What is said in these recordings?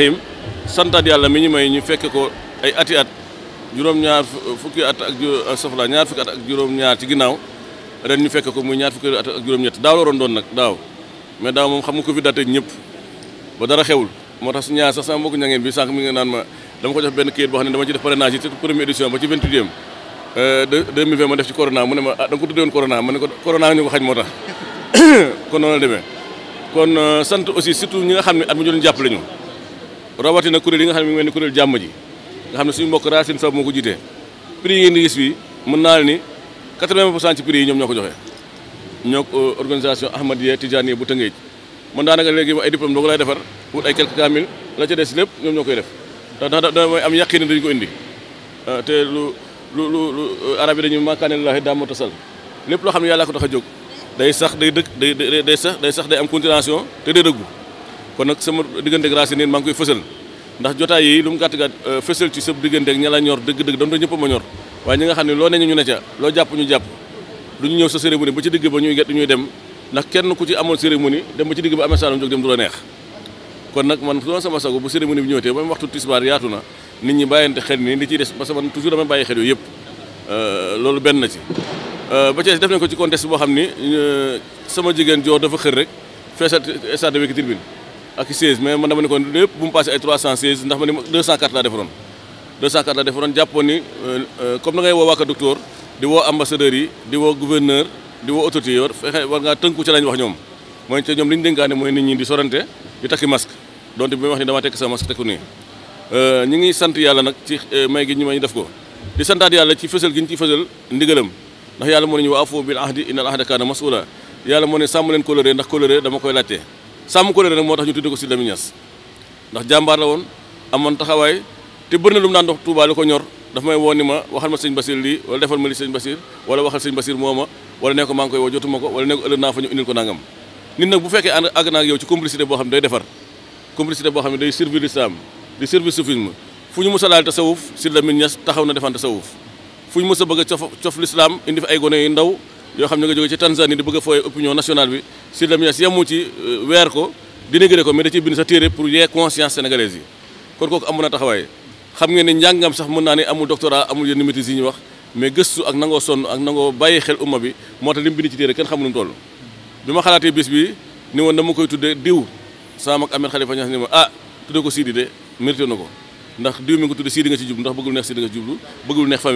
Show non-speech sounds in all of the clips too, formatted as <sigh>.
Ibrahim santaat yàlla mi ñu may ñu fekke ko ay ati at juróom-ñaar fukki at ak sofla ñaar fukki at ak juróom-ñaar ci ginnaaw ren ñu fekke ko muy ñaar fukki at juróom doon nag daaw mais daaw moom ko fi daté ñëpp ba dara xewul moo tax su ñaar sax sama mbokk mi nga naan ci def parrainage yi ci e 2020 euh, ma def ci corona mu ne ma ah da nga ko tuddee woon corona ma ne ko corona <coughs> la euh, at mu jëloon jàppale rawatina kuréel yi nga xam ne mi ngi mel ni kuréel jàmm ji nga xam ne suñu mbokk Racine Sow moo ko jiitee prix yi ngeen di gis bi mën naa ni 80 pour cent ci prix yi ñoom ñoo ko joxe ñoo euh, organisation Ahmadiyya Tijaaniyya bu Tëngéej man daanaka léegi ay diplôme doo ko lay defar wut ay quelques kamil la lépp ñoom ñoo koy def da damay am yàqin dañu ko indi euh, te lu lu lu euh, arab yi dañu makaane laahi daa moo tasal lépp loo xam ne yàlla ko tax a jóg day sax day dëkk day day sax day sax day am continuation te day dëggu kon nag sama diggante grâce yi maa ngi koy fësal ndax jotaay yi lu mu gàtt gàtt euh, fësal ci sa diggante ak ña ñor dëgg-dëgg doon ñëpp a ñor waaye ñi nga xam ne loo neñu ñu ne ca loo jàpp ñu jàpp du ñu ñëw sa cérémonie ba ci digg ba ñuy gett ku ci amoon cérémonie dem ba ci digg ba amee saalum jóg du la neex kon nag man doon sama sago bu cérémonie bi ñëwetee ba waxtu tisbaar yaatu na nit ñi bàyyante xel ni li ciy des parce que man toujours dama bàyyi xel yooyu yëpp euh, loolu benn na ci euh, ba ci def nañ ko ci contexte boo xam ni sama jigéen joor dafa xër rek feesal stade ak 16 mais man dama ne kon lépp bu mu passé ay 316 ndax ma ne ma 204 laa defaroon 204 laa defaroon jàppoon ni euh, euh, comme da ngay woo waa docteur di woo ambassadeurs yi di woo gouverneur di woo autorité yi war ngaa tënku ci lañ wax ñoom mooy te ñoom li ñu mooy nit ñi di sorante di takki masque donte bi may wax ni dama tekk sa masque tekku nii euh, ñi ngi sant yàlla nag ci may gi ñu may def ko di santaat yàlla ci fësal gi ñu sàmm ko réer nag moo tax ñu tudde ko Sidy Lamine Niass ndax jàmbaar la woon amoon taxawaay te bëri na lu mu daan dox Touba li ko ñor dafa may woo ni ma waxal ma sëñ Basir lii wala defal ma li sëñ Basir wala waxal sëñ Basir moo ma wala ne ko maa ngi koy woo jotuma ko wala ne ko ëllëg naa fa ñu indil ko nangam nit nag bu fekkee ànd àgg naa ak yow ci complicité boo xam ne day defar complicité boo xam ne day servir l'islam di servir soufisme fu ñu mës a laal tasawuf Sidy Lamine Niass taxaw na defaan tasawuf a bëgg a cof cof ay gone yu ndaw yoo xam ne nga jóge ci Tanzanie di bëgg a opinion nationale bi Siré Amias yemu euh, weer ko dénigré sa téere pour yee conscience sénégalaise yi kon kooku na ne njàngam sax mën naa ne amul doctorat amul yenn maîtrise yi ñuy wax mais gëstu ak nangoo sonn ak nangoo bàyyi xel umma bi moo tax li mu bind ci téere kenn xamul nu mu toll bi ma xalaatee bis bi ni woon dama koy tudde diw sama mag Ahmed Khalifa Niass ni ma ah tudde ko Sidi de mérité na ko ndax diw mi nga tudde Sidi nga ci jublu ndax bëggul neex Sidi nga ci jublu bëggul neex ko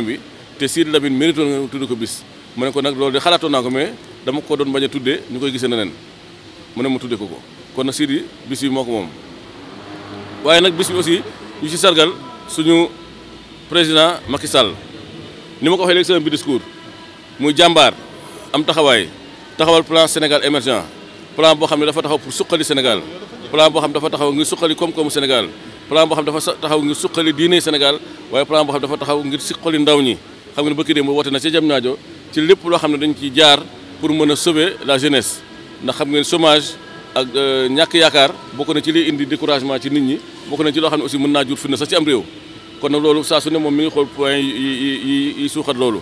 bis mu ne ko nag loolu de xalaatoon naa ko mais dama ko doon bañ a tuddee ñu koy gisee neneen mu ne ma tuddee ko ko kon nag Sidy bis bi moo ko moom. waaye nag bis bi aussi ñu ci sargal suñu président Macky Sall ni ma ko waxee léegi sama bi discours muy jàmbaar am taxawaay taxawal plan Sénégal émergent plan boo xam ne dafa taxaw pour suqali Sénégal plan boo xam ne dafa taxaw ngir suqali koom-koomu Sénégal plan boo xam taxaw ngir suqali diine Sénégal waaye plan boo xam ne dafa taxaw ngir suqali ndaw ñi xam nga ne bëkki démb woote na ca jam ñaajo ci lépp loo xam ne dañu ciy jaar pour mën a sauver la jeunesse ndax xam ngeen chômage ak euh, ñàkk yaakaar bokk na ci liy indi découragement ci nit ñi bokk na ci loo xam ne aussi mën naa jur fitna sax ci am réew kon nag loolu saa su ne moom mi ngi xool point yi yi suuxat loolu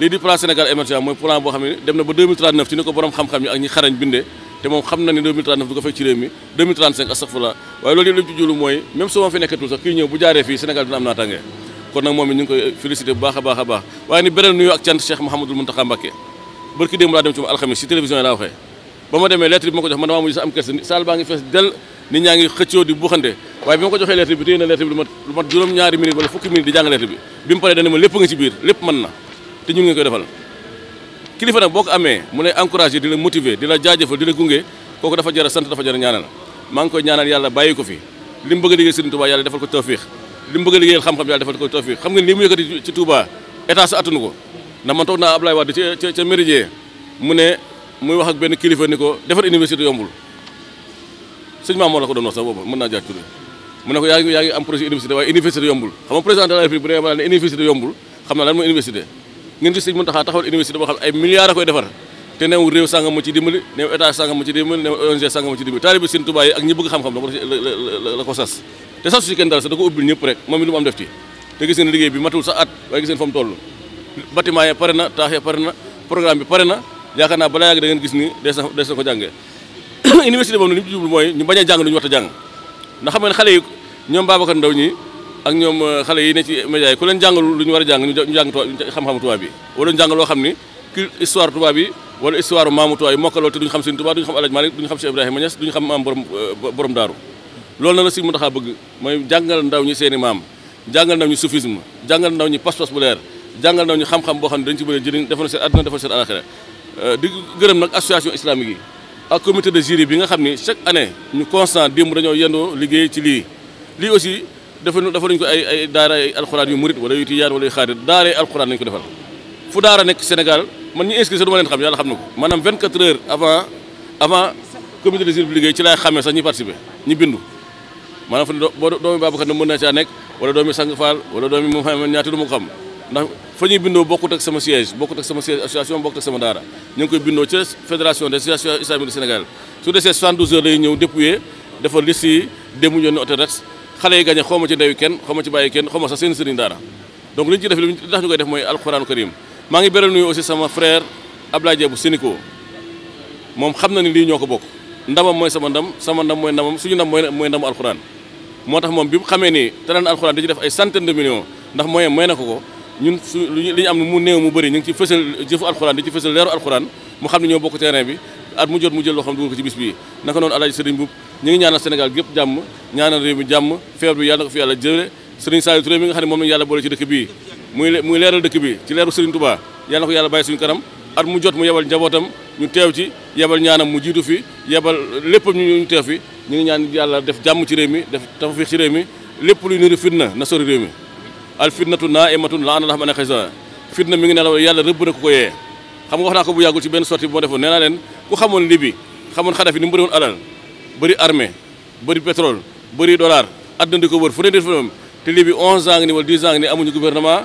lii di plan Sénégal émergent mooy plan boo xam ne dem na ba 2039 ci ni ko borom xam-xam yi ak ñi xarañ bindee te moom xam na ne 2039 du ko fekk ci réew ñëw bu jaaree fii Sénégal dina am kon nag moom it ñu koy félicité baax a baax a baax waaye ni beneen nuyu ak cant Cheikh Mouhamadul Mountakha Mbacké barki démb laa dem ci mu si télévision yi laa waxee ba ma demee lettre bi ma ko baa ngi fees del nit ñaa ngi xëccoo ko joxee lettre bi téye na lettre bi lu mat juróom-ñaari minute wala fukki minute di jàng lettre bi bi mu paree dana ma lépp ci biir lépp mën na te ñu ngi koy defal kilifa nag boo ko amee mu lay encouragé di la motiver di la jaajëfal di la gunge kooku dafa jara sant dafa jara ñaanal maa ngi koy ñaanal yàlla bàyyi ko fi li mu bëgg li mu bëgg a xam-xam yàlla defal ko tawfiq xam nga li mu yëkkati ci Touba état sa attunu ko ndax man toog naa Ablaye Wade ca ca Méridien mu ne muy wax benn kilifa ni ko defar université yombul sëñ ko doon wax sax boobu mën naa jaar ne président ay milliards a koy defar te neewul réew sàngam mu ci dimbali neew état sàngam mu ci dimbali taalibi sëñ Touba yi ak ñi bëgg xam-xam la ko sas te sasu si kenn dara sax da ko ubbil ñëpp rek moom it lu mu am def ci te gis ngeen liggéey bi matul sa at waaye gis ngeen fa mu pare na taax ya pare na programme bi pare na yaakaar naa balaa yàgg da ngeen gis ni des sa des na ko jàngee <coughs> université boobu nag li ñu ci jublu mooy ñu bañ a jàng lu ñu war a jàng ndax xam ngeen xale yi ñoom Babacar Ndaw ñi euh, a jàng ñu jàng xamu tubaab bi jàng loo xam ni ki histoire tubaab bi histoire maamu tubaab yi mokkaloo te duñu xam seen tubaab duñu xam Alaaji Maalik duñu loolu na la si mu taxaa bëgg mooy jàngal ndaw ñi seen i maam jàngal ndaw ñi soufisme jàngal ndaw ñi pas-pas bu leer jàngal ndaw ñi xam-xam boo xam ne dañu ci bëri jëriñ defal seen euh, de jury bi nga xam ni chaque année ñu constant démb dañoo yendoo liggéey ci lii lii aussi dafa dafa nañu ko ay ay daara alxuraan yu murit wala yu tijaan wala yu xaadir daara ay alxuraan nañu ko defal fu daara nekk Sénégal man ñu inscrit sa du ma leen xam yàlla xam na ko maanaam 24 heures avant avant comité de jury bi liggéey ci laay xamee sax ñi ñi bindu a fu ne boo doomi Babacar ne mën naa caa nekk wala doomi Sang Fall wala doomi Mouhamed ñaata du ma ko xam ndax fa ñuy bindoo bokkut ak sama siège bokkut ak sama siège association bokkut ak sama daara ñu ma ci ndeyu kenn xaw ma ci bàyyi kenn xaw ma sax seen sëriñ daara donc li ñu ci def li tax ñu koy def mooy alxuraanu karim maa ngi beral nuyu moom xam na ni lii ñoo ko bokk ndamam mooy sama ndam sama ndam mooy ndamam suñu ndam mooy mooy al alxuraan moo tax moom bi mu xamee ni terrain alxuraan da def ay centaine de millions ndax moyen may na ko ko ñun su li ñu am mu néew mu bëri ñu ngi ci fësal jëfu alxuraan di ci fësal leeru alxuraan mu xam ne ñoo bokk terrain bi at mu jot mu jël loo xam dugal ko ci bis bii naka noonu alaaji sëriñ buub ñu ngi ñaanal Sénégal gépp jàmm ñaanal réew jàmm feebar bi yàlla na ko fi yàlla jële sëriñ Saliou Touré mi nga xam ne moom lañu yàlla boole ci dëkk bii muy muy leeral dëkk bi ci leeru sëriñ Touba yàlla na ko yàlla bàyyi mu jot mu yebal njabootam ñu teew mu jiitu fi yebal léppam ñu ñu teew fi ñu ngi ñaan yàlla def jàmm ci réew mi def tawfiq ci réew mi lépp luy niru fitna na sori réew mi al fitnatu naa'imatun la'ana Allahu man ayqazaha fitna mi ngi nelaw yàlla rëbb na ko ko yee xam nga wax naa ko bu yàggul ci benn sortie bu ma defoon nee naa leen ku xamoon Libi xamoon Xadafi ni mu bëri woon alal bëri armée bëri pétrole bëri dollar àddina di ko wër fu ne di fam te Libi 11 ans ngi ni wala 10 ans amuñu gouvernement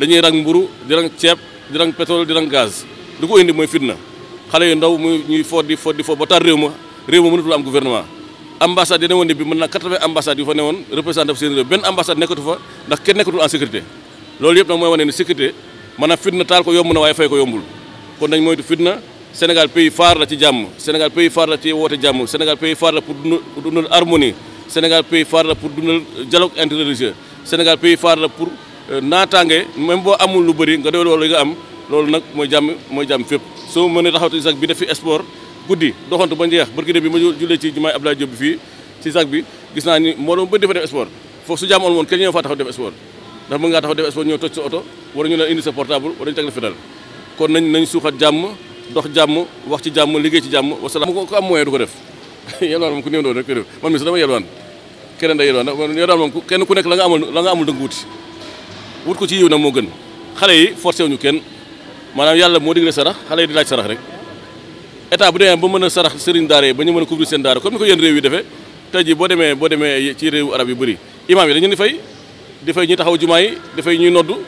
dañuy rang mburu di rang ceeb di rang pétrole di rang ko indi mooy fitna xale yu ndaw muy ñuy fo di fo di fo ba tar réew ma am gouvernement ambassade yi ne woon ne bi mën na 80 ambassades yu fa ne woon représenté fa seen réew benn ambassade nekkatu fa ndax kenn nekkatul en sécurité loolu yëpp nag yomb na waaye fay ko yombul kon nañ moytu fitna Sénégal pays phare la ci jàmm Sénégal pays phare la ci woote jàmm Sénégal pays phare la pour dundal harmonie Sénégal pays phare la pour dundal dialogue interreligieux Sénégal pays phare la pour euh, naataange même boo amul lu bëri nga doyul wala nga am loolu nag mooy jàmm mooy jàmm fépp soo mënee taxaw ci sax bi def fi guddi doxantu ba njeex barki bi ma jullee ci jumaay Abdoulaye Diop bi fii ci sac bi gis naa ni moo doon ba defa def sport foofu su jaamoon woon kenn jàmm dox jàmm wax ci jàmm liggéey ci jàmm wasalaam ko ko ku ko <laughs> def man mi su dama yelwaan kenn ku nekk la nga amul la nga amul dënga wuti wut ko ci yiw nag moo gën xale yi forcé wuñu kenn maanaam yàlla moo digle sarax xale yi di laaj sarax rek état bu demee ba mën a sarax sëriñ daara yi ba ñu mën a couvrir seen daara comme ni ko yéen réew yi defee tey jii boo demee boo demee ci réewu arab yu bëri yi dañu di fay di fay ñuy taxaw jumaa yi di fay ñuy noddu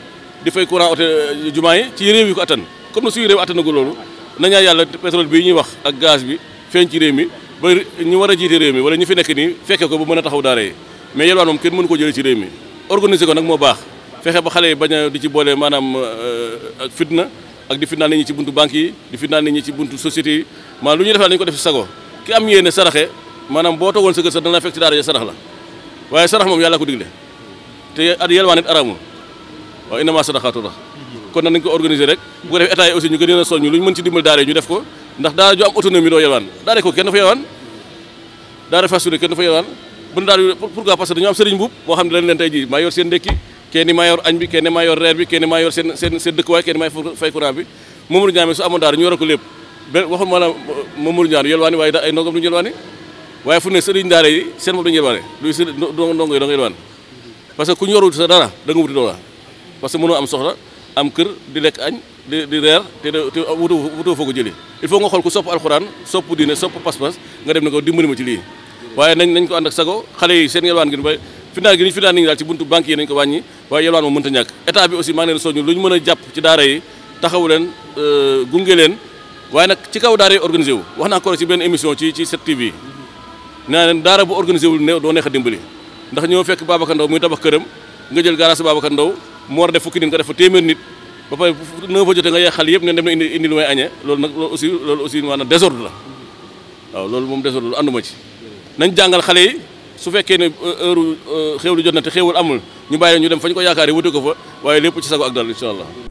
di fay courant ote jumaa yi ci réew yi ko attan comme na suñu réew attanagu loolu nañaa yàlla pétrole bii ñuy wax ak gaz bi feeñ ci réew mi ba ñu war a jiite réew mi wala ñu fi nekk nii fekke ko ba mën a taxaw daara yi mais yelwaan moom kenn mënu ko jëlee ci réew mi organiser ko nag moo baax fexe ba xale yi di ci boole maanaam euh, fitna ak di fitnaal nit ñi ci buntu banque yi di fitnaal nit ñi ci buntu société yi maanaam lu ñuy defal nañu ko def si sago ki am yéene saraxe maanaam boo toogoon sa kër sax dana la fekk ci daara ja sarax la waaye sarax moom yàlla ko digle te at yelwaan it araamul waaw innama sadaxaatu tax kon nag nañ ko organiser rek bu ko def état yi aussi ñu gën a soññu lu ñu mën ci dimbali daara yi ñu def ko ndax daara ju am autonomie doo yelwaan daara ko kenn dafa kenn dafa yelwaan bu daara xam ne leen leen tey ji maa kenn maa yor añ bi kenn maa yor reer bi kenn maa yor seen seen seen dëkkuwaay kenn maay fay courant bi Mamadou Niane su amoon daara ñu war ko lépp benn ma la Mamadou Niane yelwaani waaye da ay ndongom du ñu yelwaani waaye fu ne sëriñ daara yi seen bopp dañu yelwaane luy sëriñ ndongo yi da nga yelwaane ku ñu yorul sa dara da nga wuti doola parce que am soxla am kër di lekk añ di di reer te te wutu wutu foo ko jëlee il faut nga xool ku sopp alxuraan sopp diine sopp pas-pas nga dem ne ko dimbali ma ci lii waaye ko ànd ak sago xale yi seen yelwaan gi finance gi ñu finance nit ñi daal ci buntu banque yi nañ ko wàññi waaye yelwaan moom mënta ñàkk état bi aussi maa ngi leen soññu yi taxawu euh, waaye nag ci kaw daara yi wu wax naa ko ci benn émission ci ci 7TV naa leen daara bu organisé wul ne doo neex dimbali ndax ñoo fekk Babacar Ndaw muy tabax këram nga jël garage Babacar Ndaw mu war fukki nit nga def fa téeméer ba pare neuf yëpp ngeen dem na indi indi lu may añee loolu nag loolu aussi loolu aussi maanaam désordre la waaw loolu moom désordre la ànduma ci nañ jàngal xale yi su fekkee ne euh, heure euh, xéewlu jot na te xéewul amul ñu bàyyi ñu dem fa ñu ko yaakaar yi wuti ko fa waaye lépp ci sago ak dal incha allah